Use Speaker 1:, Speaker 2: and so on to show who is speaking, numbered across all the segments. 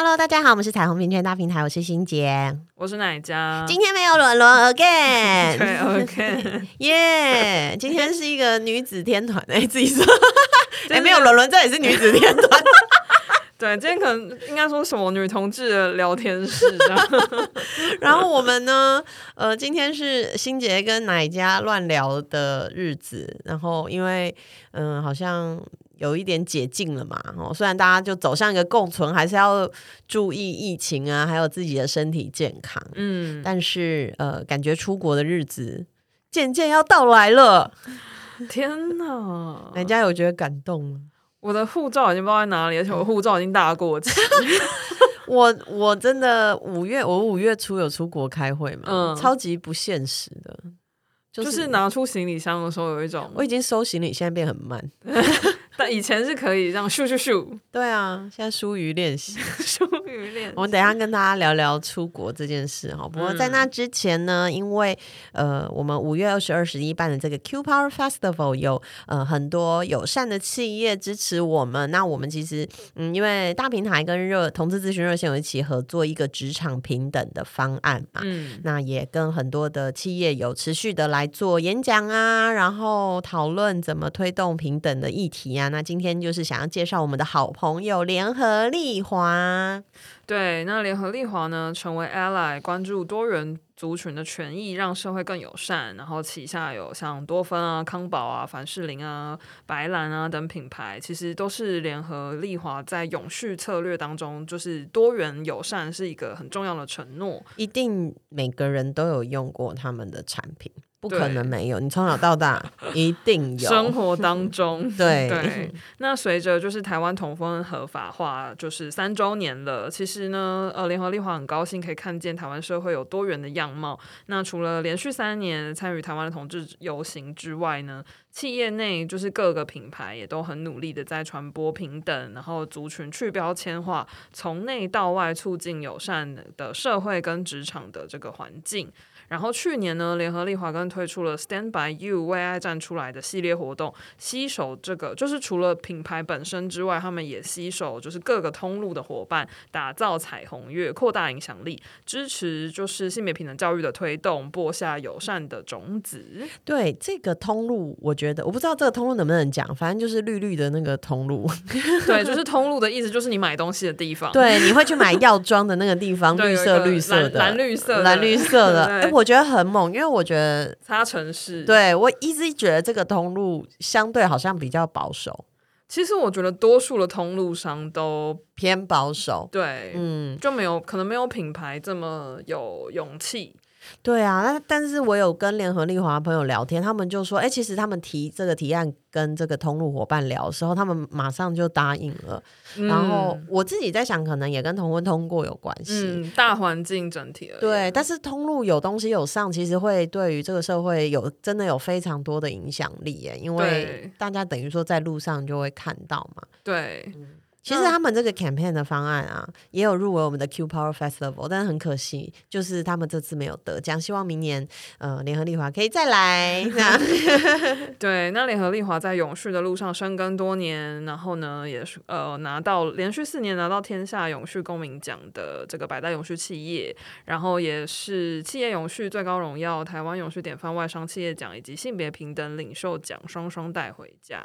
Speaker 1: Hello，大家好，我們是彩虹平權大平台，我是欣潔，
Speaker 2: 我是乃佳，今天
Speaker 1: 沒有輪輪 again， 對，OK，耶、yeah, 今天是一個女子天團哎、欸，自己說，哎、 欸，沒有輪輪，這也是
Speaker 2: 女子天團， 對，今天可能應該說什麼女同志的聊天室這樣， 然後我們呢，呃，今天
Speaker 1: 是欣潔跟乃佳亂聊的日子，然後因為嗯、呃，好像。有一點解禁了嘛？哦，雖然大家就走向一個共存，還是要注意疫情啊，還有自己的身體健康。嗯，但是呃，感覺出國的日子
Speaker 2: 漸漸要到來了。天哪！人家有覺得感動嗎？我的護照已經不知道在哪裡。而且我護照已經大過我、嗯、 我。我我真的五月，我五月初有出國開會嘛？嗯，超級不現
Speaker 1: 實的。就
Speaker 2: 是、就是、拿出行李箱的時候，有一種我已經
Speaker 1: 收行李，現在變很慢。
Speaker 2: 但以前是可以這樣咻咻咻。對啊，現在疏於練習。
Speaker 1: 我們等一下跟大家聊聊出國這件事哈、嗯。不過在那之前呢，因為呃，我們五月二十二十一辦的這個 Q Power Festival 有呃很多友善的企業支持我們。那我們其實嗯，因為大平台跟熱同志諮詢熱線有一起合作一個職場平等的方案嘛。嗯，那也跟很多的企業有持續的來做演講啊，然後討論怎麼推動平等的議題啊。那今天就是想要介紹我們的好朋友聯合利華。
Speaker 2: 對，那聯合利華呢，成為 Ally，關注多元族群的權益，讓社會更友善。然後旗下有像多芬啊、康寶啊、凡士林啊、白蘭啊等品牌，其實都是聯合利華在永續策略當中，就是多元友善是一個很重要的承諾。
Speaker 1: 一定每個人都有用過他們的產品。不可能沒有，你從小到大 一定有生活
Speaker 2: 當中。 對，對，那隨着就是台灣同婚合法化就是三週年了，其實呢，呃，聯合利華很高興可以看見台灣社會有多元的樣貌。那除了連續三年參與台灣的同志遊行之外呢，企業內就是各個品牌也都很努力的在傳播平等，然後族群去標籤化，從內到外促進友善的社會跟職場的這個環境。然後去年呢，聯合利華更推出了 “Stand By U 為愛站出來”的系列活動，攜手這個就是除了品牌本身之外，他們也攜手就是各個通路的夥伴，打造彩虹月，擴大影響力，支持就是性別平等教育的推動，播下友善的種子。
Speaker 1: 對這個通路，我覺得我不知道這個通路能不能講，反正就是綠綠的那個通路。
Speaker 2: 對，就是通路的意思，就是你買東西的地方。對，你會去
Speaker 1: 買藥妝的那個地方，綠 色、綠色的、藍綠色的、藍綠色的。我覺得很猛，因
Speaker 2: 為我覺得
Speaker 1: 他塵是，對我一直覺得這個通路相對好像比較
Speaker 2: 保守。其實我覺得多數的通路商都偏保守，對，嗯，就沒有可能沒有品牌這麼有勇氣。對啊，那但是
Speaker 1: 我有跟聯合利華朋友聊天，他們就說，哎、欸，其實他們提這個提案跟這個通路夥伴聊的時候，他們馬上就答應了。嗯、然後我自己在想，可能也跟同婚通過有關係，嗯、
Speaker 2: 大環境整體而已。對，
Speaker 1: 但是通路有東西有上，其實會對於這個社會有真的有非常多的影響力耶，因為大家等於說在路上就會看到嘛。
Speaker 2: 對。嗯
Speaker 1: 其實他們這個 campaign 的方案啊，也有入圍我們的 Q Power Festival，但是很可惜，就是他們這次沒有得獎。希望明年，呃，聯合利華可以再來。 那
Speaker 2: 對，那聯合利華在永續的路上深耕多年，然後呢，也是呃拿到連續四年拿到天下永續公民獎的這個百大永續企業，然後也是企業永續最高榮耀台灣永續典範外商企業獎以及性別平等領袖獎雙，雙雙帶回家。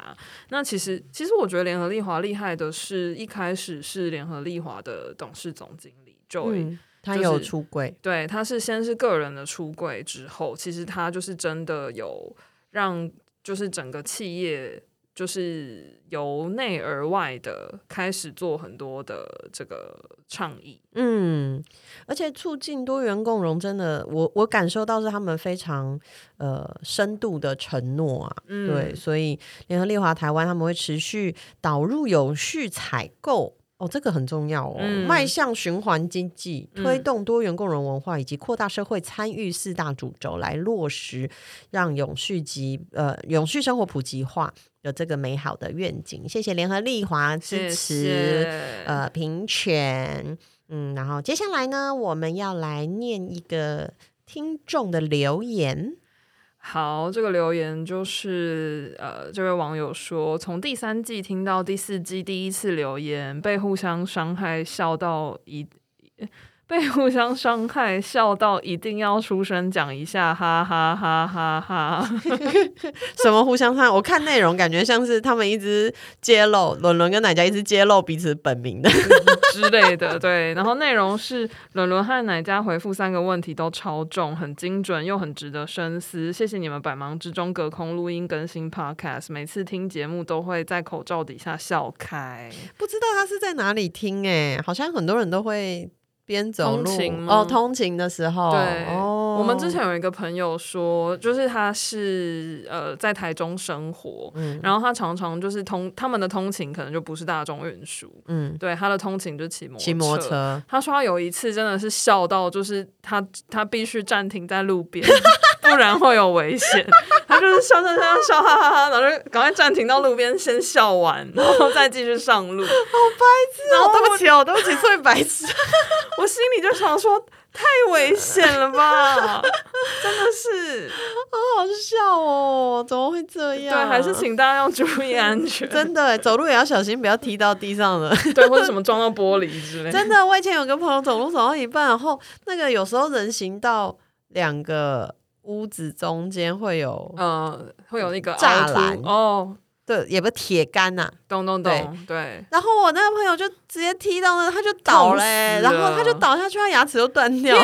Speaker 2: 那其實，其實我覺得聯合利華厲害的是。一開始是聯合利華的董事總經理，就、嗯、
Speaker 1: 他有出櫃、就是，
Speaker 2: 對，他是先是個人的出櫃，之後其實他就是真的有讓，就是整個企業。就是由內而外的開始做很多的這個倡議，
Speaker 1: 嗯，而且促進多元共融，真的，我我感受到是他們非常呃深度的承諾啊、嗯，對，所以聯合利華台灣他們會持續導入永續採購。哦，這個很重要哦，邁、嗯、向循環經濟、推動多元共融文化，以及擴大社會參與四大主軸來落實，讓永續及呃永續生活普及化，有這個美好的願景。謝謝聯合利華支持，謝謝呃，平權嗯，然後接下來呢，我們要來念一個聽眾的留言。
Speaker 2: 好，這個留言就是，呃，這位網友說，從第三季聽到第四季，第一次留言被互相傷害，笑到一。被互相傷害，笑到一定要出聲講一下，哈哈哈哈哈哈！ 什麼互相傷害？我看內容感覺像是他們一直揭
Speaker 1: 露倫倫跟奶家一直揭露彼此本名的
Speaker 2: 之類的。對，然後內容是倫倫和奶家回復三個問題都超重，很精準又很值得深思。謝謝你們百忙之中隔空錄音更新 Podcast，每次聽節目都會在口罩底下笑開。
Speaker 1: 不知道他是在哪裡聽哎、欸，好像很多人都會。
Speaker 2: 邊
Speaker 1: 走路哦，通勤的時候，對、哦，我們之前
Speaker 2: 有一個朋友說，就是他是呃在台中生活、嗯，然後他常常就是通他們的通勤可能就不是大眾運輸，嗯，對，他的通勤就騎摩騎摩托車。他說他有一次真的是笑到，就是他他必須暫停在路邊。 不 然會有危險， 他就是笑，笑，笑，笑，哈哈哈！然後就趕快暫停到路邊，先笑完，然後再繼續上路， 好白痴，喔！哦對不起哦，喔， 對不起，最白痴！ 我心裡就想說，太危險了吧， 真的是，
Speaker 1: 好好笑哦，喔，怎麼會這樣？對，還是請大家要注意安全， 真的，走路也要小心，不要踢到地上了， 對，或者什麼撞到玻璃之類的。 真的，我以前有個朋友走路走到一半，然後那個有時候人行道兩個。屋子中間會有，嗯、呃，會有那個柵欄哦，對，也不是鐵桿吶，咚咚咚，對。然後我那個朋友就直接踢到那，他就倒嘞、欸，然後他就
Speaker 2: 倒下去，他牙齒都斷掉了。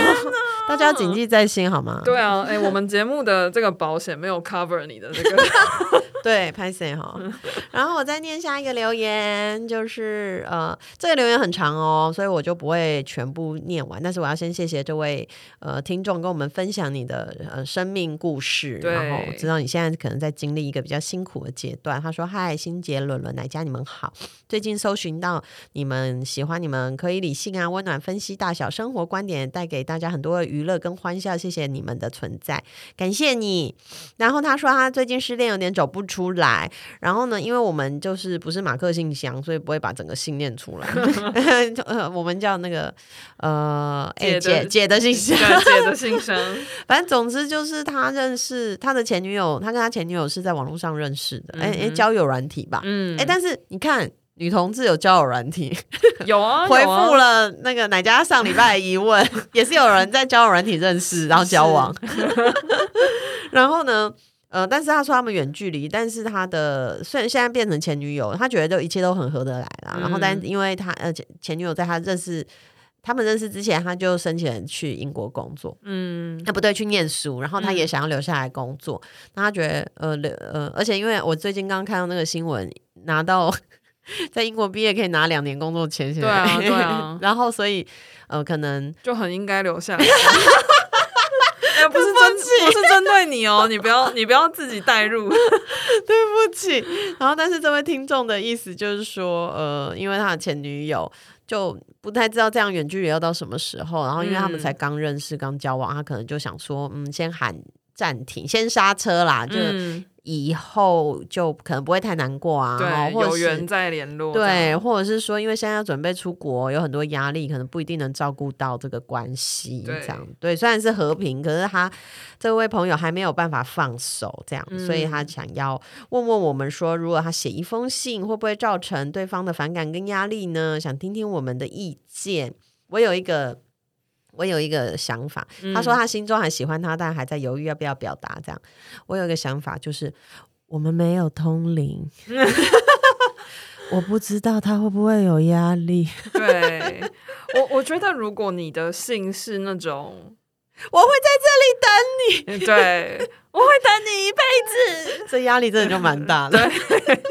Speaker 1: 大家謹記在心好嗎？對
Speaker 2: 啊，哎、欸， 我們節目的這個保險沒有 cover 你的這個。 對拍攝哈， 然
Speaker 1: 後我再念下一個留言，就是呃，這個留言很長哦，所以我就不會全部念完。但是我要先謝謝這位呃聽眾，跟我們分享你的呃生命故事，然後我知道你現在可能在經歷一個比較辛苦的階段。他說：“嗨，新杰倫倫來家，你們好，最近搜尋到你們喜歡你們可以理性啊，溫暖分析大小生活觀點，帶給大家很多娛樂跟歡笑。謝謝你們的存在，感謝你。”然後他說他最近失戀，有點走不。出來，然後呢？因為我們就是不是馬克信箱，所以不會把整個信念出來。 呃，我們叫那個呃，欸、姐姐的信箱，姐的信箱。 反正總之就是他認識他的前女友，他跟他前女友是在網路上認識的，哎、嗯、哎、嗯欸，交友軟體吧。嗯，哎、欸，但是你看，女同志有交友軟體， 有，啊有啊，回復了那個哪家上禮拜的疑問， 也是有人在交友軟體認識，然後交往。 然後呢？呃，但是他說他們遠距離，但是他的雖然現在變成前女友，他覺得就一切都很合得來啦。嗯、然後，但因為他呃前前女友在他認識他們認識之前，他就申請去英國工作，嗯，他不對，去念書，然後他也想要留下來工作。那、嗯、他，他覺得呃留呃，而且因為我最近剛剛看到那個新聞，拿到在英國畢業可以拿兩年工作簽，簽，對、啊、對、啊、 然後所以呃可能
Speaker 2: 就很應該留下來。 不，不是不是針對你哦， 你不要，你不要自己帶入 ，
Speaker 1: 對不起。然後，但是這位聽眾的意思就是說，呃，因為他的前女友就不太知道這樣遠距離要到什麼時候，然後因為他們才剛認識，剛、嗯、交往，他可能就想說，嗯，先喊暫停，先剎車啦，就，嗯以後就可能不會太難過啊，對，有緣再聯絡。對，或者是說，因為現在要準備出國，有很多壓力，可能不一定能照顧到這個關係。這樣，對，雖然是和平，可是他這位朋友還沒有辦法放手，這樣，嗯，所以他想要問問我們說，如果他寫一封信，會不會造成對方的反感跟壓力呢？想聽聽我們的意見。我有一個。我有一個想法、嗯，他說他心中很喜歡他，但還在猶豫要不要表達。這樣，我有一個想法，就是我們沒有通靈， 我不知道他會不會有壓力。
Speaker 2: 對，我，我覺得如果你的信是那種“ 我會在這裡等你”，對， 我會等你一輩子， 這壓力真的就蠻大的。對，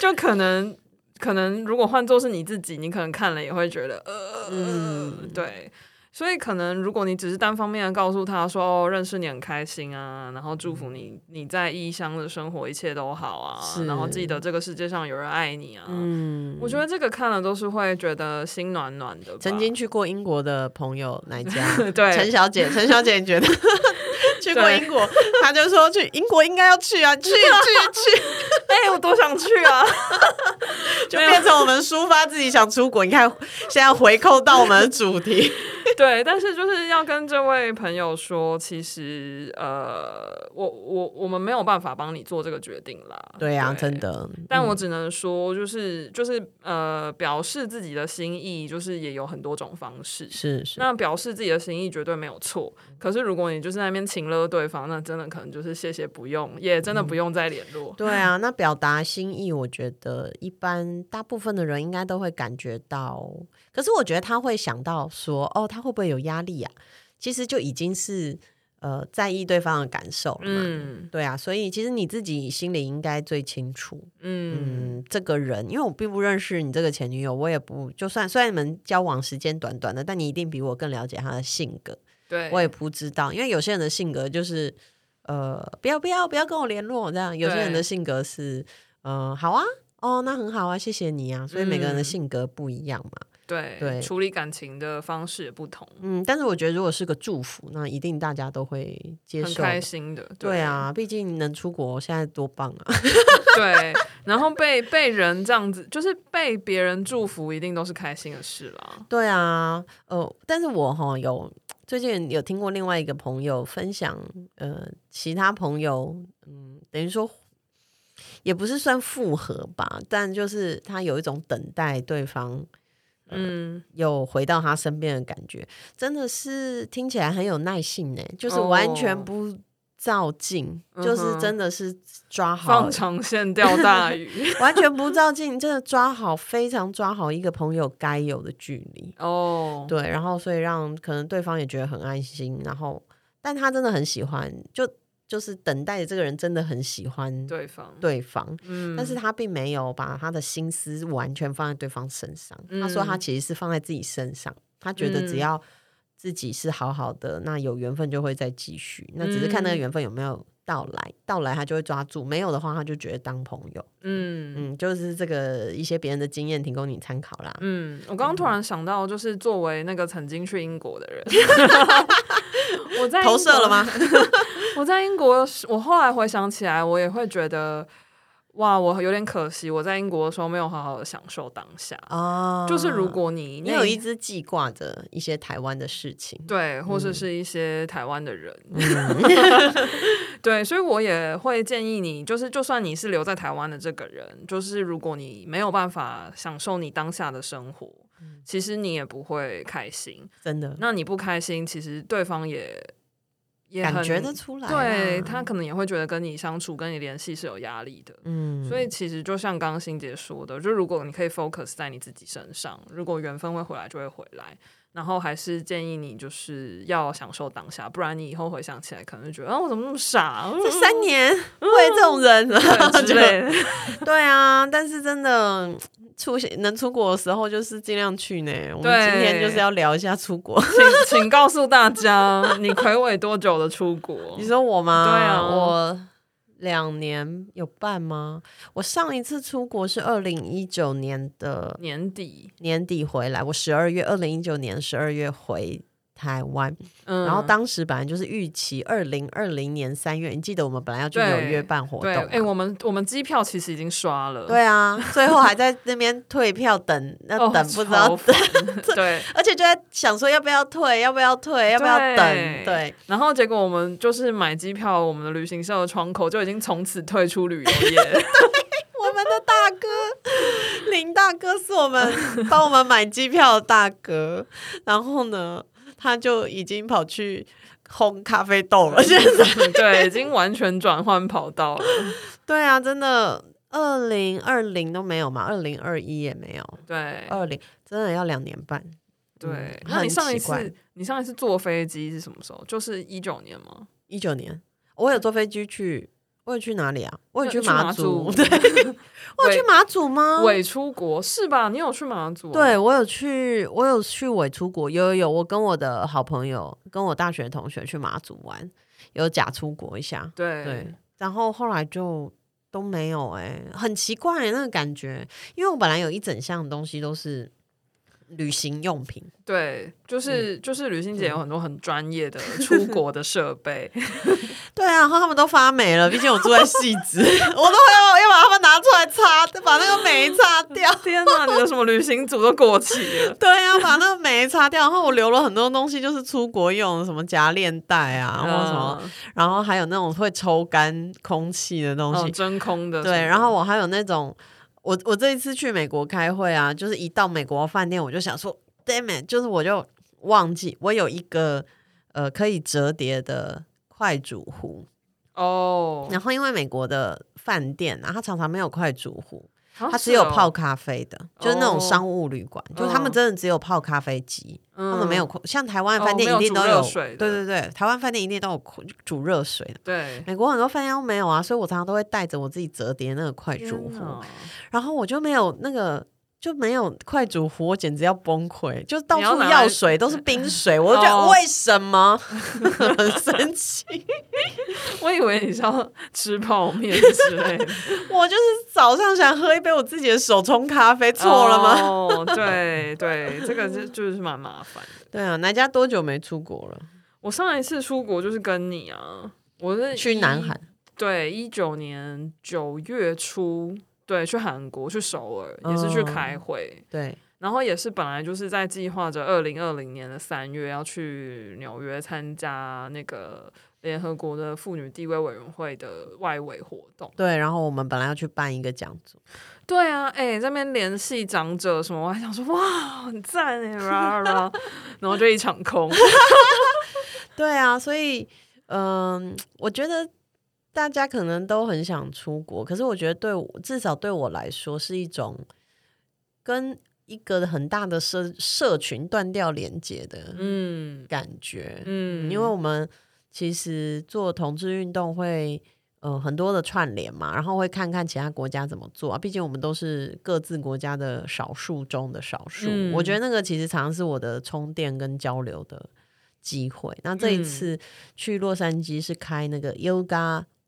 Speaker 2: 就可能，可能如果換做是你自己，你可能看了也會覺得呃、嗯，對。所以，可能如果你只是單方面的告訴他說：“哦，認識你很開心啊，然後祝福你，你在異鄉的生活一切都好啊，是，然後記得這個世界上有人愛你啊。”嗯，我覺得這個看了都是會覺得心暖暖的。曾經去過
Speaker 1: 英國的朋友來家？ 對，陳小姐，陳小姐，你覺得
Speaker 2: 去過英國，
Speaker 1: 她就說去英國應該要去啊，
Speaker 2: 去去 去，哎、 欸，我多想去啊， 就，就變成我們抒發自己想出國。你看，現在回扣到我們的主題。 對，但是就是要跟這位朋友說，其實呃，我我我們沒有辦法幫你做這個決定啦。對呀、啊，
Speaker 1: 真的。但
Speaker 2: 我只能說，就是嗯，就是就是呃，表示自己的心意，就是也有很多種方式。是是。那表示自己的心意絕對沒有錯。可是如果你就是在那邊請了對方，那真的可能就是謝謝，不用，也真的不用再聯絡。嗯嗯、對
Speaker 1: 啊，那表達心意，我覺得一般大部分的人應該都會感覺到。可是我覺得他會想到說，哦，他會不會有壓力啊？其實就已經是呃在意對方的感受了嘛。嗯，對啊。所以其實你自己心裡應該最清楚。嗯，嗯，這個人，因為我並不認識你這個前女友，我也不就算，雖然你們交往時間短短的，但你一定比我更了解他的性格。對，我也不知道，因為有些人的性格就是呃，不要不要不要跟我聯絡這樣。有些人的性格是呃，好啊，哦，那很好啊，謝謝你啊。所以每個人的性格不一樣嘛。嗯。對，對，處
Speaker 2: 理感情的方式也不同。
Speaker 1: 嗯，但是我覺得如果是個祝福，那一定大家都會接受，很開心
Speaker 2: 的。對。對啊，
Speaker 1: 畢竟能出國現在多棒啊！
Speaker 2: 對，然後被被人這樣子，就是被別人祝福，一定都是開心的事啦。
Speaker 1: 對啊，哦、呃、但是我哈、哦、有最近有聽過另外一個朋友分享，呃，其他朋友嗯，等於說也不是算復合吧，但就是他有一種等待對方。嗯、呃，有回到他身邊的感覺，真的是聽起來很有耐性呢。就是完全不躁進，哦，就是真的是抓好，嗯、放長線釣大魚， 完全不躁進，真的抓好，非常抓好一個朋友該有的距離
Speaker 2: 哦。
Speaker 1: 對，然後所以讓可能對方也覺得很安心。然後，但他真的很喜歡就。就是等待的這個人真的很喜歡對方，對方，嗯，但是他並沒有把他的心思完全放在對方身上，嗯。他說他其實是放在自己身上，他覺得只要自己是好好的，嗯，那有緣分就會再繼續。那只是看那個緣分有沒有到來，嗯，到來他就會抓住，沒有的話他就覺得當朋友。嗯嗯，就是這個一些別人的經驗提供你參考啦。
Speaker 2: 嗯，我剛剛突然想到，就是作為那個曾經去英國的人。 我在投射了嗎？ 我在英國，我後來回想起來，我也會覺得，哇，我有點可惜，我在英國的時候沒有好好的享受當下，哦，就是如果你，你有一直記掛着一些台灣的事情，對，或者是，是一些台灣的人，嗯、 對，所以我也會建議你，就是就算你是留在台灣的這個人，就是如果你沒有辦法享受你當下的生活。其實你也不會開心，真的。那你不開心，其實對方也也很感覺得出來，對他可能也會覺得跟你相處、跟你聯繫是有壓力的。
Speaker 1: 嗯，所以
Speaker 2: 其實就像剛欣潔說的，就如果你可以 focus 在你自己身上，如果緣分會回來，就會回來。然後還是建議你就是要享受當下，不然你以後回想起來可能就覺得啊，我怎麼那麼傻？嗯、這三年為這種人了、嗯、之類的，
Speaker 1: 對啊。但是真的出能出國的時候，就是儘量去呢。我們
Speaker 2: 今天就是要聊一下出國，請請告訴大家， 你魁偉多久的出國？你說我嗎？對啊，我。
Speaker 1: 兩年有半嗎？我上一次出國是二零一九年的年底，年底回來，我十二月，二零一九年十二月回台灣，嗯，然後當時本來就是預期二零二零年三月，你記得我們本來要去紐約辦活動，對，
Speaker 2: 哎，欸，我們我們機票其實已經刷了，對啊，最後還
Speaker 1: 在那邊退票等、 呃，等，要等不知道，哦，等，對，而且就在想說要不要退，要不要退，要不要等，對，
Speaker 2: 然後結果我們就是買機票，我們的旅行社的窗口就已經從此退出旅遊業， 我們的
Speaker 1: 大哥 林大哥是我們 幫我們買機票的大
Speaker 2: 哥，然
Speaker 1: 後呢，他就已經跑去烘咖啡豆了，現在對，對，已經完全轉換跑道了。 對啊，真的，二零二零都沒有嘛，二零二一也沒有，對，二零真的要兩年半。對，嗯，那你上一次
Speaker 2: 你上一次坐飛機是什麼時候？就是一九年嘛，
Speaker 1: 一九年，我有坐飛機去。我有去哪裡啊？我有去，去馬祖，
Speaker 2: 對， 我有去馬祖嗎？偽出國是吧？你有去馬祖？欸？對我有
Speaker 1: 去，我有去偽出國，有有有，我跟我的好朋友，跟我大學同學去馬祖玩，有假出國一下，對對，然後後來就都沒有、欸，誒，很奇怪、欸、那個感覺，因為我本來有一整箱的東西都是。旅行用品，
Speaker 2: 對，就是就是旅行姐有很多很專業的出國的設備，
Speaker 1: 對啊，然後他們都發霉了，畢竟我住在汐止， 我都要我要把他們拿出來擦，把那個霉擦掉。 天哪，你有什麼旅行組都過期了？ 對呀、啊，把那個霉擦掉。然後我留了很多東西，就是出國用，什麼夾鏈袋啊，然、嗯、後什麼，然後還有那種會抽乾空氣的東西、哦，真空的。對，然後我還有那種。我我這一次去美國開會啊，就是一到美國飯店，我就想說，damn it, 就是我就忘記我有一個呃可以折疊的快煮壺哦，oh. 然後因為美國的飯店，然後啊，他常常沒有快煮壺。
Speaker 2: 它只有泡咖啡的，哦、就是那種商務旅館、哦，就他們
Speaker 1: 真的只有泡咖啡機、嗯，他們沒有像台灣的飯店一定都有，哦、有對對對，台灣飯店一定都有煮煮熱水的對，美國很多飯店都沒有啊，所以我常常都會帶着我自己折疊那個快煮壺、啊，然後我就沒有那個。就沒有快煮壺，我簡直要崩潰！就到處要水，都是冰水，我就覺得為什麼？Oh. 很神生奇氣？ 我以為你是要吃泡麵之類的， 我就是早上想喝一杯我自己的手沖咖啡，錯了嗎？哦、oh,，對 對,對，這個就
Speaker 2: 就是蠻麻煩。
Speaker 1: 對啊，哪家多久沒出國了？
Speaker 2: 我上一次出國就是跟你啊，我是去南韓，對，一九年九月初。對，去韓國去首爾也是去開會、嗯，對，然後也是本來就是在計劃着二零二零年的三月要去紐約參加那個聯合國的婦女地位委員會的外圍活動，
Speaker 1: 對，然後我們本來要去辦一個講座，
Speaker 2: 對啊，哎、欸，在那邊聯繫長者什麼，我還想說哇，很讚呢、欸，啦、啦 然後就一場空， 對
Speaker 1: 啊，所以嗯、
Speaker 2: 呃，
Speaker 1: 我覺得。大家可能都很想出國，可是我覺得對，至少對我來說是一種跟一個很大的社社群斷掉連接的嗯感覺嗯、嗯，因為我們其實做同志運動會呃很多的串聯嘛，然後會看看其他國家怎麼做啊，畢竟我們都是各自國家的少數中的少數，嗯，我覺得那個其實常常是我的充電跟交流的機會。嗯。那這一次去洛杉磯是開那個 Yoga。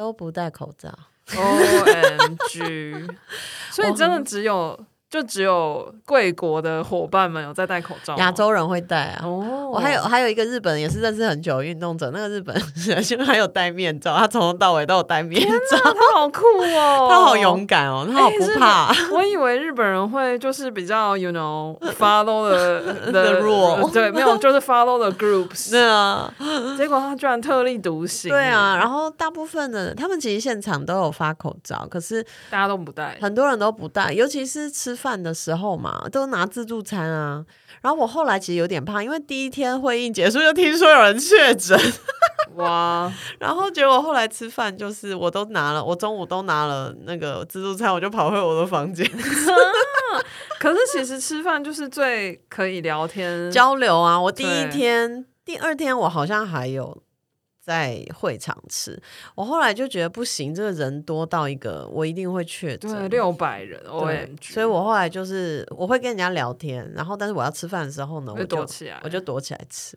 Speaker 1: 都不戴口
Speaker 2: 罩，OMG， 所以真的只有。就只有貴國的夥伴們有在戴口罩，亞洲
Speaker 1: 人會戴啊。哦、oh.，我還有還有一個日本人也是認識很久的運動者，那個日本
Speaker 2: 人 現在還有戴面罩，他從頭到尾都有戴面罩，啊，他好酷哦， 他好勇敢哦，他好不怕。欸， 我以為日本人會就是比較 you know follow the rule， 對，沒有就是 follow the groups， 對啊。結果他居然特立獨行，對啊。然後大部分的他們
Speaker 1: 其實現場都有發口罩，可是大家都不戴，很多人都不戴，尤其是吃。飯的時候嘛，都拿自助餐啊。然後我後來其實有點怕，因為第一天會議結束就聽說有人確診，哇！ 然後結果後來吃飯就是，我都拿了，我中午都拿了那個自助餐，我就跑回我的房間。
Speaker 2: 可是其實吃飯就是最可以聊天交
Speaker 1: 流啊。我第一天、第二天我好像還有。在會場吃，我後來就覺得不行，這個人多到一個，我一定會確診。對，六百人，對，所以我後來就是我會跟人家聊天，然後但是我要吃飯的時候呢，我就躲起來我，我就躲起來吃。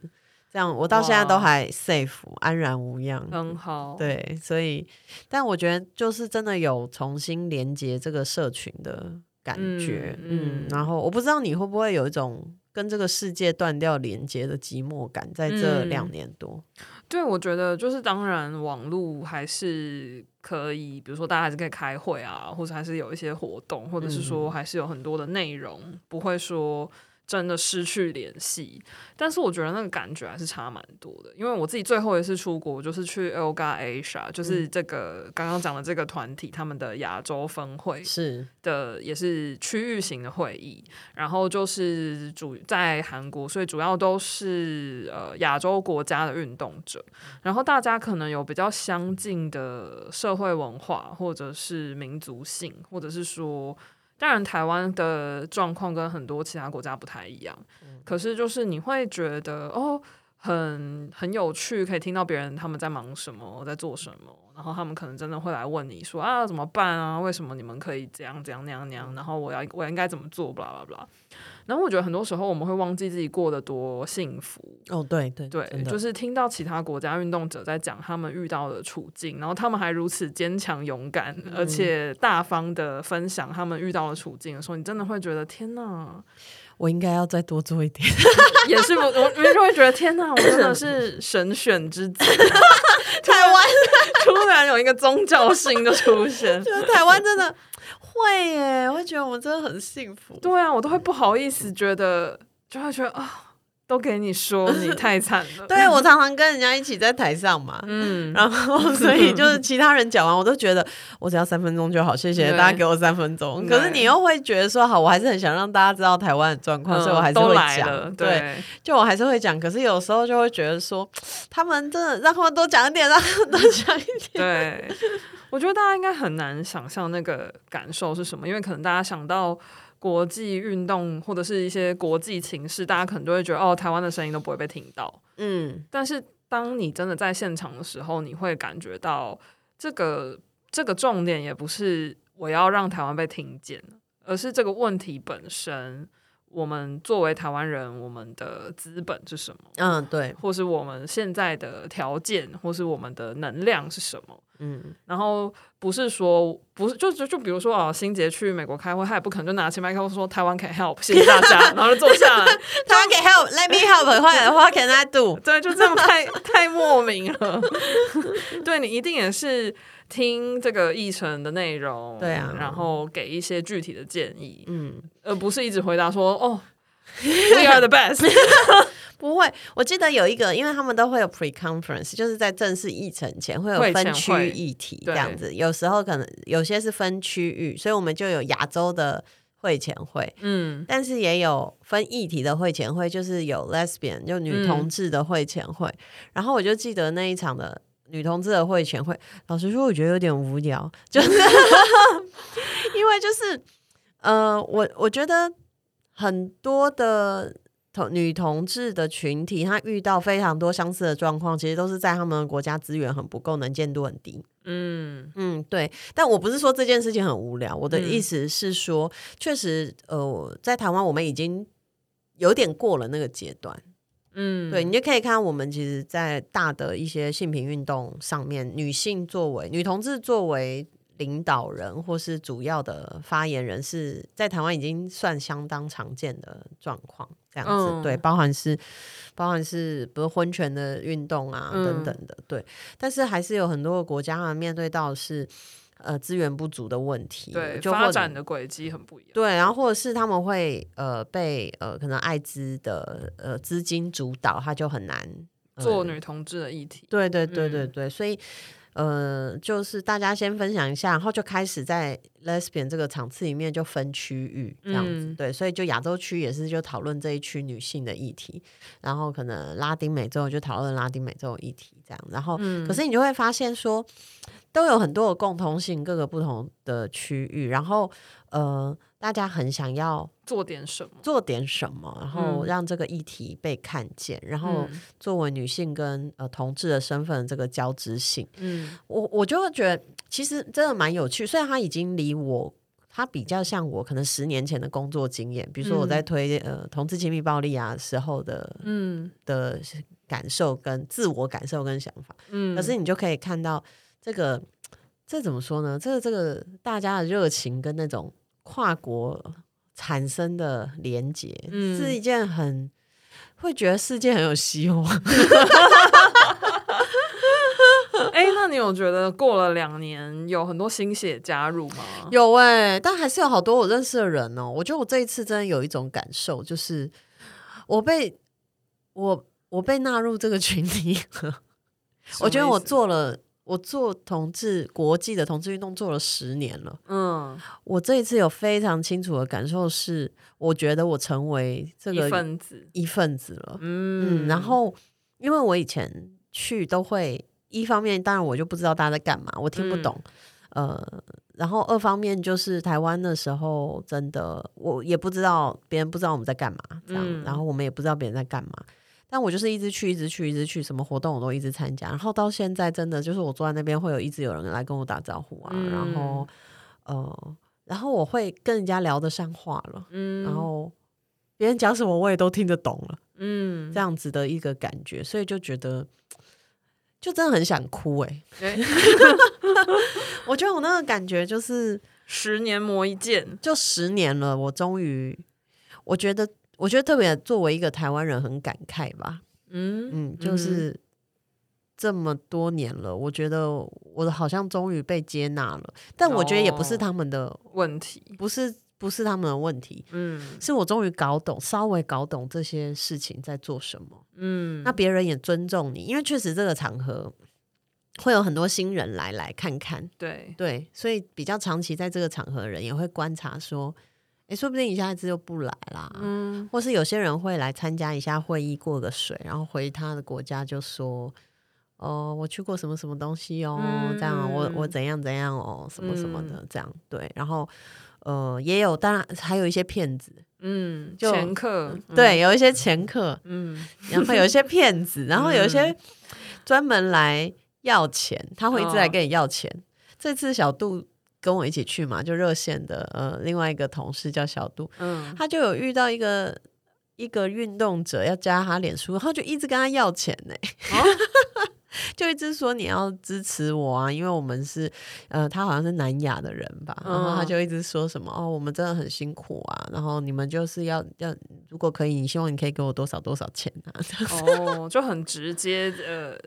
Speaker 1: 這樣我到現在都還 safe，安然無恙，很好。對，所以，但我覺得就是真的有重新連接這個社群的感覺，嗯，嗯嗯，然後我不知道你會不會有一種。跟這個世界斷掉連接的寂寞感，在這兩年多。嗯，
Speaker 2: 對，我覺得就是當然，網絡還是可以，比如說大家還是可以開會啊，或者還是有一些活動，或者是說還是有很多的內容，不會說。真的失去聯繫，但是我覺得那個感覺還是差蠻多的。因為我自己最後一次出國就是去 ILGA Asia，就是這個剛剛講的這個團體他們的亞洲分會的是的，也是區域型的會議，然後就是主在韓國，所以主要都是呃亞洲國家的運動者，然後大家可能有比較相近的社會文化，或者是民族性，或者是說。當然，台灣的狀況跟很多其他國家不太一樣，嗯。可是就是你會覺得哦，很很有趣，可以聽到別人他們在忙什麼，在做什麼。然後他們可能真的會來問你說，啊怎麼辦啊？為什麼你們可以這樣這樣那樣那樣？然後我要我應該怎麼做？blah blah blah。然後我覺得很多時候我們會忘記自己過得多幸福。
Speaker 1: 哦對對
Speaker 2: 對，就是聽到其他國家運動者在講他們遇到的處境，然後他們還如此堅強勇敢，嗯、而且大方的分享他們遇到的處境的時候，你真的會覺得天哪！我應該要再多做一點， 也是我，我有時候會覺得天哪，我真的是神選之子， 台灣 突然， 突然有一個宗教性的出現， 覺得台灣
Speaker 1: 真的會耶，我會覺得我們真的很幸
Speaker 2: 福。對啊，我都會不好意思覺得，就會覺得啊。都給你說，你太慘了。 對，我常常跟人家一起在台上嘛，嗯，然後所以就是其他人講
Speaker 1: 完，我都覺得我只要三分鐘就好，謝謝大家給我三分鐘。可是你又會覺得說，好，我還是很想讓大家知道台灣的狀況，嗯、所以我還是會講。對。對，就我還是會講。可是有時候
Speaker 2: 就會覺得說，
Speaker 1: 他們真的，讓他們多講一點，讓他們多講一點。對，
Speaker 2: 我覺得大家應該很難想象那個感受是什麼，因為可能大家想到。國際運動或者是一些國際情勢，大家可能都會覺得哦，台灣的聲音都不會被聽到。嗯，但是當你真的在現場的時候，你會感覺到這個這個重點也不是我要讓台灣被聽見，而是這個問題本身。我們作為台灣人，我們的資本是什麼？嗯，對，或是我們現在的條件，或是我們的能量是什麼？嗯，然後不是說不是就就就比如說哦，啊、欣潔去美國開會，他也不可能就拿起麥克風說台灣 can help，謝謝大家， 然後就坐下來， 台灣 can 可 help，let me help，後來的話 what can I do？對，就這樣太太莫名了。 對，你一定也是聽這個議程的內容，對啊，然後給一些具體的建議，嗯，而不是一直回答說哦。We are the best。 不會，我記得
Speaker 1: 有一個，因為他們都會有 pre-conference，就是在正式議程前會有分區議題會前會，對，這樣子。有時候可能有些是分區域，所以我們就有亞洲的會前會，嗯，但是也有分議題的會前會，就是有 lesbian 就女同志的會前會。嗯。然後我就記得那一場的女同志的會前會，老實說我覺得有點無聊，就是 因為就是呃，我我覺得。很多的同女同志的群體，她遇到非常多相似的狀況，其實都是在他們的國家資源很不夠，能見度很低。嗯嗯，對。但我不是說這件事情很無聊，我的意思是說，嗯、確實，呃，在台灣我們已經有點過了那個階段。
Speaker 2: 嗯，對，你
Speaker 1: 就可以看我們其實，在大的一些性平運動上面，女性作為女同志作為。領導人或是主要的發言人是在台灣已經算相當常見的狀況，這樣子、嗯、對，包含是包含是比如婚權的運動啊等等的、嗯、對，但是還是有很多個國家面對到是呃資源不足的問題，對，就發展的軌跡很不一樣，對，然後或者是他們會呃被呃可能艾滋的呃資金主導，他就很難、呃、做女
Speaker 2: 同志的議題，對對對對
Speaker 1: 對，嗯、所以，呃，就是大家先分享一下，然後就開始在 lesbian 這個場次裡面就分區域這樣子，嗯，對，所以就亞洲區也是就討論這一區女性的議題，然後可能拉丁美洲就討論拉丁美洲議題這樣，然後，嗯、可是你就會發現說，都有很多的共通性，各個不同的區域，然後。呃，大家很想要
Speaker 2: 做點什麼，
Speaker 1: 做點什麼，然後讓這個議題被看見，嗯、然後作為女性跟呃同志的身份的這個交織性，嗯，我我就會覺得其實真的蠻有趣。雖然他已經離我，他比較像我可能十年前的工作經驗，比如說我在推、嗯、呃同志親密暴力啊時候的，嗯，的感受跟自我感受跟想法，嗯，可是你就可以看到這個這怎麼說呢？這個這個大家的熱情跟那種。跨國產生的連結，嗯、是一件很會覺得世界很有希望。
Speaker 2: 哎、 欸，那你有覺得過了兩年有很多新血加入嗎？
Speaker 1: 有哎、欸，但還是有好多我認識的人哦。我覺得我這一次真的有一種感受，就是我被我我被納
Speaker 2: 入這個群體
Speaker 1: 了，我覺得我做了。我做同志國際的同志運動做了十年了，嗯，我這一次有非常清楚的感受是，我覺得我成為這個一份子一份子了。嗯，嗯，然後因為我以前去都會一方面，當然我就不知道大家在幹嘛，我聽不懂、嗯，呃，然後二方面就是台灣的時候，真的我也不知道別人不知道我們在幹嘛，這樣、嗯，然後我們也不知道別人在幹嘛。但我就是一直去，一直去，一直去，什麼活動我都一直參加。然後到現在，真的就是我坐在那邊，會有一直有人來跟我打招呼啊、嗯。然後，呃，然後我會跟人家聊得上話了。嗯，然後別人講什麼我也都聽得懂了。嗯，這樣子的一個感覺，所以就覺得，就真的很想哭哎、欸。欸、 我覺得我那個感覺就是十年磨一劍，就十年了，我終於，我覺得。我覺得特別作為一個台灣人很感慨吧，嗯嗯，
Speaker 2: 就是、嗯、
Speaker 1: 這麼多年了，我覺得我好像終於被接納了，但我覺得也不是他們的、哦、問題，不是不是他們的問題，嗯，是我終於搞懂，稍微搞懂這些事情在做什麼，嗯，那別人也尊重你，因為確實這個場合會有很多新人來來看看，對對，所以比較長期在這個場合的人也會觀察說。欸、說不定一下子就不來啦，嗯，或是有些人會來參加一下會議過個水，然後回他的國家就說，哦、呃，我去過什麼什麼東西哦，嗯、這樣我我怎樣怎樣哦，什麼什麼的、嗯、這樣對，然後呃，也有當然還有一些騙子，嗯，就前客、嗯、對，有一些前客，嗯，然後有一些騙子、嗯、子，然後有一些專門來要錢、嗯，他會一直來跟你要錢，哦、這次小杜。跟我一起去嘛，就熱線的呃另外一個同事叫小杜，嗯，他就有遇到一個一個運動者要加他臉書，他就一直跟他要錢耶，哦、 就一直說你要支持我啊，因為我們是呃他好像是南亞的人吧、嗯，然後他就一直說什麼哦我們真的很辛苦啊，然後你們就是要要如果可以，你希望你可以給我多少多少錢啊，
Speaker 2: 哦就很直接 呃。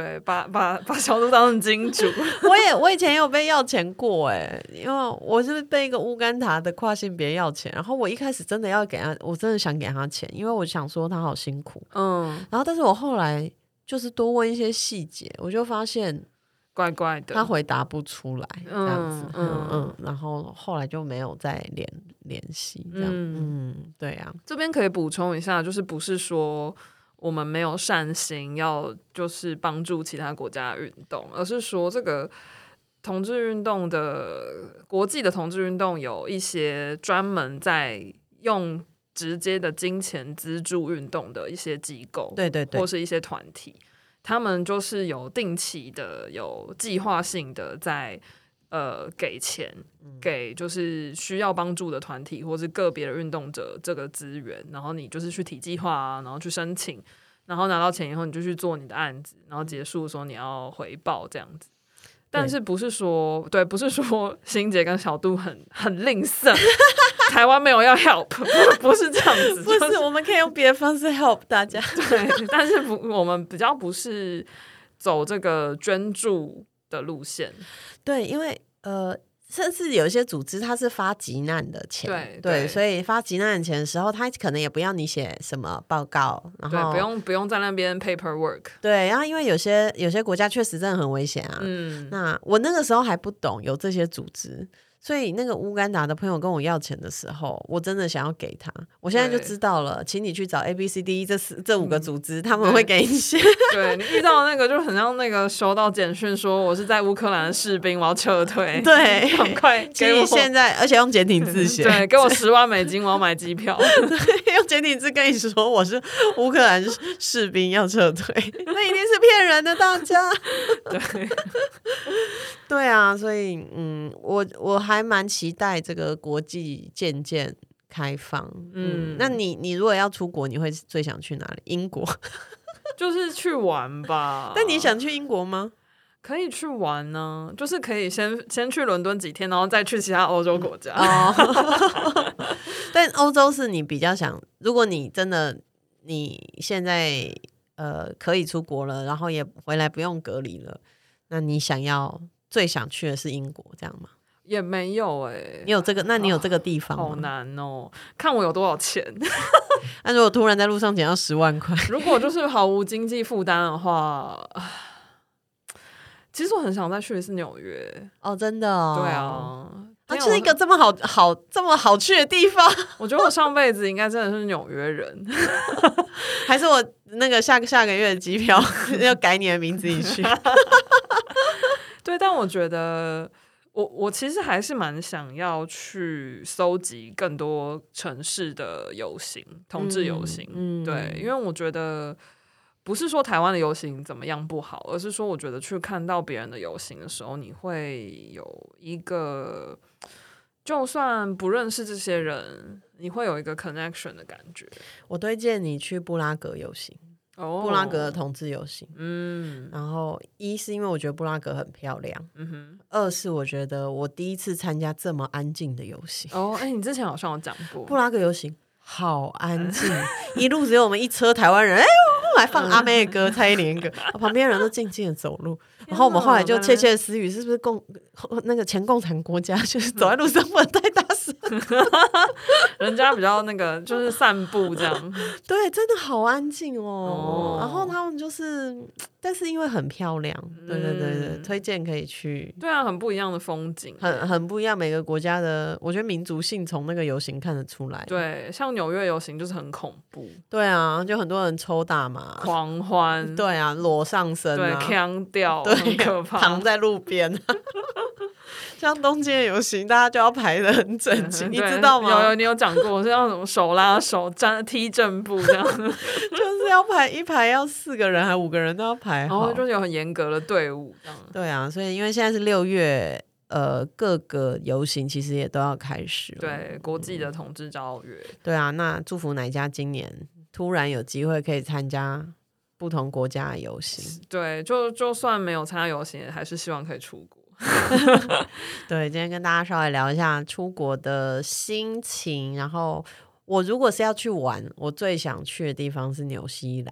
Speaker 2: 對，把把把小鹿當成金主。 我也我以
Speaker 1: 前也有被要錢過誒，因為我是被一個烏干達的跨性別要錢，然後我一開始真的要給他，我真的想給他錢，因為我想說他好辛苦，嗯。然後，但是我後來就是多問一些細節，我就發現
Speaker 2: 怪怪的，他回答不
Speaker 1: 出來，這樣子嗯嗯嗯，嗯，然後後來就沒有再聯聯繫，這樣，
Speaker 2: 嗯，嗯對呀、啊。這邊可以補充一下，就是不是說。我們沒有善心，要就是幫助其他國家運動，而是說，這個同志運動的國際的同志運動有一些專門在用直接的金錢資助運動的一些機構，對對對，或是一些團體，他們就是有定期的、有計劃性的在。呃，給錢給就是需要幫助的團體、嗯、或者個別的運動者這個資源，然後你就是去提計劃、啊，然後去申請，然後拿到錢以後你就去做你的案子，然後結束說你要回報這樣子。但是不是說、嗯、對，不是說欣潔跟小杜很很吝嗇， 台灣沒有要 help，不是這樣子。 不是，就是、不是
Speaker 1: 我們可以用別的方式 help 大家。
Speaker 2: 對，但是不， 我們比較不是走這個捐助的路線。
Speaker 1: 對，因為。呃，甚至有一些組織，它是發急難的錢。對對，對，所以發急難的錢的時候，他可能也不要你寫什麼報告，然後對，不用
Speaker 2: 不用在那邊 paperwork，
Speaker 1: 對，然後，啊，因為有些有些國家確實真的很危險啊，嗯，那我那個時候還不懂有這些組織。所以那個烏干達的朋友跟我要錢的時候，我真的想要給他。我現在就知道了，請你去找 A、B、C、D、E 這四這五個組織、嗯，他們會給你
Speaker 2: 錢。對，你遇到那個就很像那個收到簡訊說，我是在烏克蘭的士兵，我要撤退。對，很快給我。所以現在，而且用簡體字寫、嗯，對，給我十萬美金，我要買機票。
Speaker 1: 對，用簡體字跟你說我是烏克蘭士兵要撤退， 那一定是騙人的，大家。對。對啊，所以嗯，我我還蠻期待這個國際漸漸開放。嗯，嗯，那你你如果要出國，你會最想去哪裡？英國，
Speaker 2: 就是去玩吧。但你想去英國嗎？可以去玩呢、啊，就是可以先先去倫敦幾天，然後再去其他歐洲國家。 但
Speaker 1: 歐洲是你比較想，如果你真的你現在呃可以出國了，然後也回來不用隔離了，那你想要？最想去的是英國，這樣嗎？
Speaker 2: 也沒有哎、欸，你有這個？那你有這個地方、哦？好難哦，看我有多少錢。
Speaker 1: 但 是、啊、我突然在路上撿到十萬
Speaker 2: 塊，如果就是毫無經濟負擔的話，其實我很想再去一次紐約。哦，真的、哦？對啊，他是、啊就是一個這麼好、好、這麼好去的地方。 我
Speaker 1: 覺得我上輩子應該真的是紐約人， 還是我那個下下個月
Speaker 2: 的機票要 改你的名字一去。 對，但我覺得我，我我其實還是蠻想要去蒐集更多城市的遊行、同志遊行、嗯嗯，對，因為我覺得不是說台灣的遊行怎麼樣不好，而是說我覺得去看到別人的遊行的時候，你會有一個就算不認識這些人，你會有一個 connection 的感覺。
Speaker 1: 我推薦你去布拉格遊行。
Speaker 2: Oh, 布拉格的
Speaker 1: 同志遊行，嗯，然後一是因為我覺得布拉格很漂亮，嗯哼，二是我覺得我第一次參加這麼安靜的遊行。哦，哎，你之前好
Speaker 2: 像有講過布拉
Speaker 1: 格遊行，好安靜、嗯，一路只有我們一車台灣人，嗯、哎呦，後來放阿妹的歌、蔡依林的歌，一一旁邊人都靜靜的走路、啊，然後我們後來就竊竊私語、啊竊竊私語啊，是不是共那個前共產國家、嗯、就是走在路上不能大。嗯哈哈哈人家比
Speaker 2: 較那個，就是散步這樣。
Speaker 1: 對，真的好安靜哦，喔。Oh. 然後他們就是，但是因為很漂亮，對、嗯、對對對，推薦可以去。
Speaker 2: 對啊，很不一樣的風景，很
Speaker 1: 很不一樣。每個國家的，我覺得民族性從那個遊行看得出來。
Speaker 2: 對，像紐約遊行就是很恐怖。
Speaker 1: 對啊，就很多人抽大麻狂歡。對啊，裸上身，對，鏘掉了，對，對啊，很可怕，躺在路邊。
Speaker 2: 像東京的遊行，大家就要排得很整齊、嗯，你知道嗎？有有，你有講過， 是要什麼手拉手、站踢正步這樣子， 就是要排一排，要四個
Speaker 1: 人還五個人都要排好，然、哦、後就
Speaker 2: 有很嚴格的隊伍這
Speaker 1: 樣。對啊，所以因為現在是六月，呃，各個遊行其實也都要開始。
Speaker 2: 對，國際的同志驕傲月。
Speaker 1: 對啊，那祝福哪一家今年突然有機會可以參加不同國家的遊行？
Speaker 2: 對，就就算沒有參加遊行，還是希望可以出國。
Speaker 1: 對，今天跟大家稍微聊一下出國的心情。然後，我如果是要去玩，我最想去的地方是紐西蘭。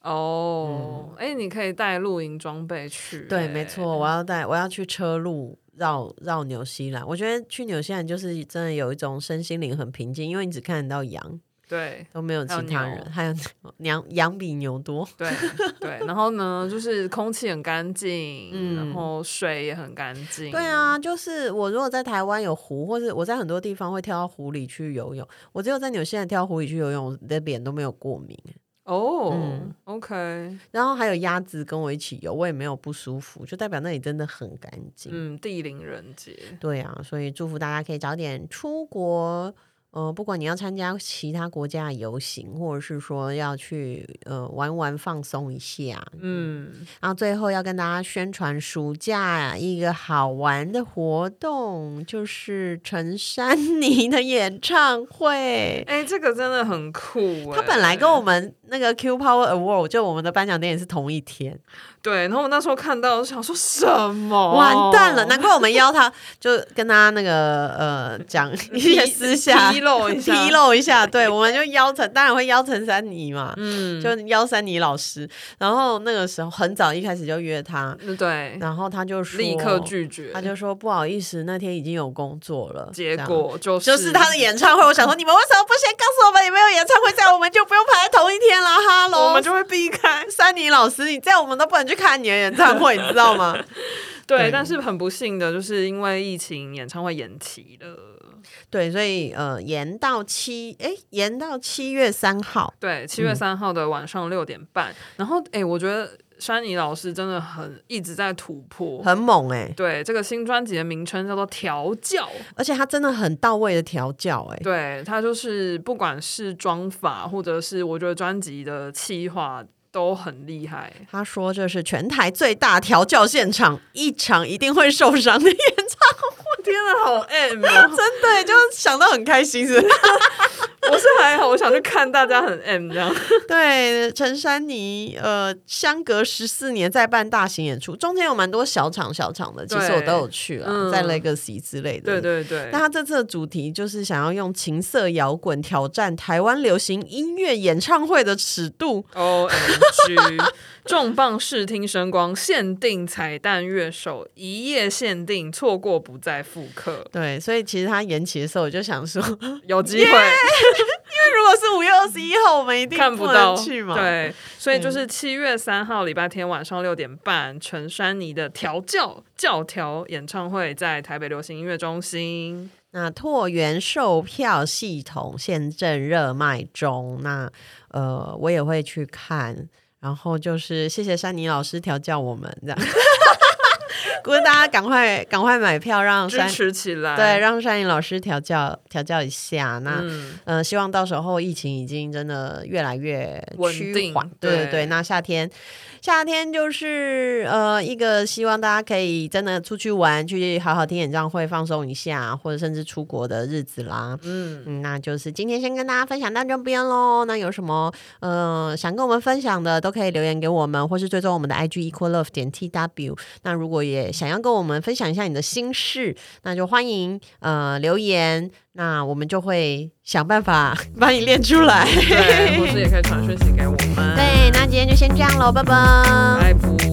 Speaker 2: 哦、oh, 嗯，哎、欸，你可以帶露營裝備去、欸。對，沒錯，
Speaker 1: 我要帶，我要去車路繞繞紐西蘭。我覺得去紐西蘭就是真的有一種身心靈很平靜，因為你只看得到羊。對，都沒有其他人，還有牛羊，羊比牛多。對
Speaker 2: 對，然後呢， 就是空氣很乾淨，然後水也很乾淨、嗯。對
Speaker 1: 啊，就是我如果在台灣有湖，或是我在很多地方會跳到湖裡去游泳，我只有在紐西蘭跳湖裡去游泳，我的臉都沒有過敏。哦、oh, 嗯、
Speaker 2: OK。
Speaker 1: 然後還有鴨子跟我一起游，我也沒有不舒服，就代表那裡真的很乾淨。嗯，
Speaker 2: 地靈人傑。對
Speaker 1: 啊，所以祝福大家可以早點出國。呃，不管你要參加其他國家的遊行，或者是說要去呃玩玩放鬆一下，嗯，然後最後要跟大家宣傳暑假一個好玩的活動，就是陳珊妮的
Speaker 2: 演唱會。哎、欸，這個真的很酷、欸。他本來
Speaker 1: 跟我們那個 Q Power Award 就我們的頒獎典禮是同一天。
Speaker 2: 對，然後我那時候看到，我想說什麼，完蛋了！難
Speaker 1: 怪我們邀他 就跟他那個呃講一些私下披 露一下，披 露一下。對， 我們就邀陳，當然會邀陳珊妮嘛。嗯。就邀珊妮老師，然後那個時候很早一開始就約他。對。然後他就說立刻拒絕，他就說不好意思，那天已經有工作了。結果就是、就是他的演唱會。我想說 你們為什麼不先告訴我們，你們有演唱會在，我們就不用排在同一天了。哈嘍，我們就會避開 珊妮老師，你在我們都不敢去。去看你的演唱會，你知道嗎？
Speaker 2: 對、嗯，但是很不幸的就是因為疫情，演唱會延期了。對，所以呃，延到七，誒、欸，延到七月三號。對，七月三號的晚上六點半。嗯、然後，哎、欸，我覺得山尼珊妮老師真的很一直在突破，很猛哎、欸。對，這個新專輯的名稱叫做調教，
Speaker 1: 而且他真的很到位的調教哎、欸。
Speaker 2: 對，他就是不管是妝髮，或者是我覺得專輯的企劃。都很厲害。
Speaker 1: 他說這是全台最大調教現場，一場一定會受傷
Speaker 2: 的演唱。我天啊，好 M， 真的就想到很開心是不是？ 我是還好， 我想去看大家很 M
Speaker 1: 這樣。對，陳珊妮，呃，相隔十四年再辦大型演出，中間有蠻多小場小場的，其實我都有去了、啊嗯，在 Legacy 之類的。對
Speaker 2: 對對。那他
Speaker 1: 這次的主題就是想要用情色搖滾挑戰台灣流行音樂演唱會的尺度。
Speaker 2: OMG。 重磅視聽聲光，限定彩蛋樂手，一夜限定，錯過不再復刻。
Speaker 1: 對，所以其實他延期的時候，我就想說 有機會，yeah!
Speaker 2: 因為如果是五月二十一號， 我們一定不去嘛，看不到。對，所以就是七月三號禮拜天晚上六點半，陳珊妮的調教教條演唱會，在台北流行音樂中心。
Speaker 1: 那拓元售票系統現正熱賣中。那呃，我也會去看。然後就是謝謝珊妮老師調教我們，這樣，鼓 大家趕快趕快買票，讓珊妮支持起來。對，讓珊妮老師調教調教一下。那、嗯呃，希望到時候疫情已經真的越來越穩定。對對，對。那夏天。夏天就是呃一個希望大家可以真的出去玩，去好好聽演唱會放鬆一下，或者甚至出國的日子啦。嗯，嗯，那就是今天先跟大家分享到這邊嘍。那有什麼呃想跟我們分享的，都可以留言給我們，或是追蹤我們的 IG equal love 點 tw。那如果也想要跟我們分享一下你的心事，那就歡迎呃留言，那我們就會想辦法把你練出來。對，或是也可以傳
Speaker 2: 訊息給我們。
Speaker 1: 那今天就先這樣嘍，
Speaker 2: 拜拜。